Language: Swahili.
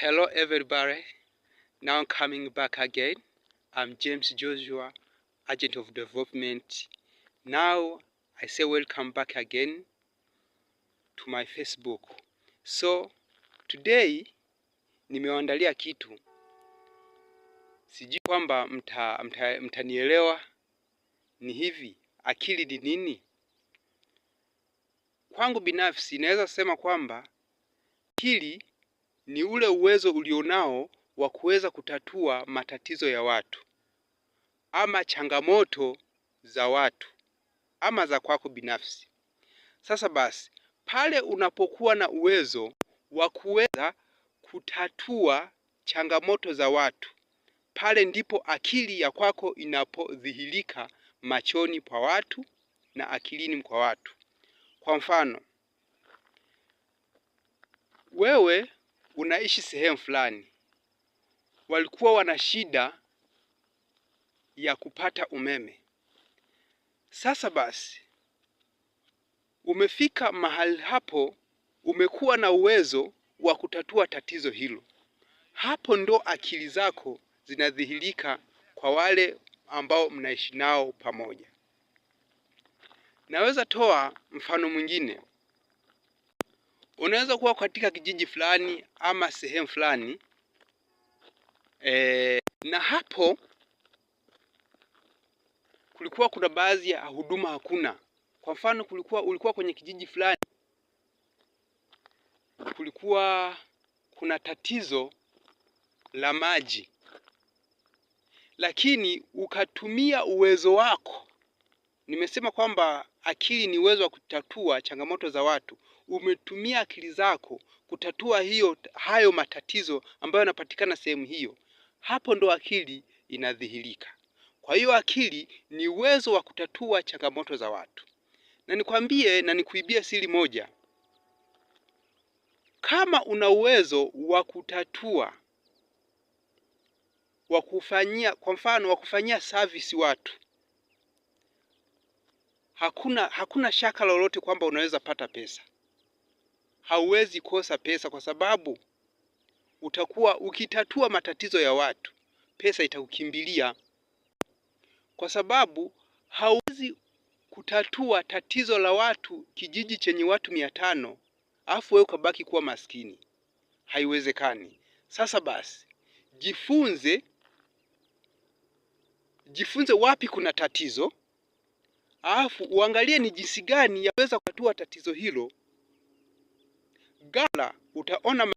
Hello everybody, now coming back again. I'm James Joshua, Agent of Development. Now I say welcome back again to my Facebook. So today nimewaandalia kitu, sijui kwamba mtanielewa mta, mta ni hivi, akili ni nini? Kwangu binafsi naweza sema kwamba akili ni ule uwezo ulionao wa kuweza kutatua matatizo ya watu ama changamoto za watu ama za kwako binafsi. Sasa basi, pale unapokuwa na uwezo wa kuweza kutatua changamoto za watu, pale ndipo akili ya kwako inapodhihirika machoni kwa watu na akilini kwa watu. Kwa mfano, wewe unaishi sehemu fulani, walikuwa wana shida ya kupata umeme. Sasa basi, umefika mahali hapo, umekuwa na uwezo wa kutatua tatizo hilo. Hapo ndo akili zako zinadhihirika kwa wale ambao mnaishi nao pamoja. Naweza toa mfano mwingine. Unaweza kuwa katika kijiji fulani ama sehemu fulani e, na hapo kulikuwa kuna baadhi ya huduma hakuna. Kwa mfano, kulikuwa ulikuwa kwenye kijiji fulani, kulikuwa kuna tatizo la maji, lakini ukatumia uwezo wako. Nimesema kwamba akili ni uwezo wa kutatua changamoto za watu. Umetumia akili zako kutatua hiyo hayo matatizo ambayo yanapatikana sehemu hiyo, hapo ndo akili inadhihirika. Kwa hiyo akili ni uwezo wa kutatua changamoto za watu, na nikwambie na nikuibie siri moja, kama una uwezo wa kutatua wa kufanyia, kwa mfano wa kufanyia service watu hakuna, hakuna shaka lolote kwamba unaweza pata pesa. Hauwezi kosa pesa kwa sababu utakuwa ukitatua matatizo ya watu, pesa itakukimbilia kwa sababu hauwezi kutatua tatizo la watu kijiji chenye watu mia tano afu wewe ukabaki kuwa maskini, haiwezekani. Sasa basi jifunze, jifunze wapi kuna tatizo, alafu uangalie ni jinsi gani yaweza kutatua tatizo hilo. Ghala utaona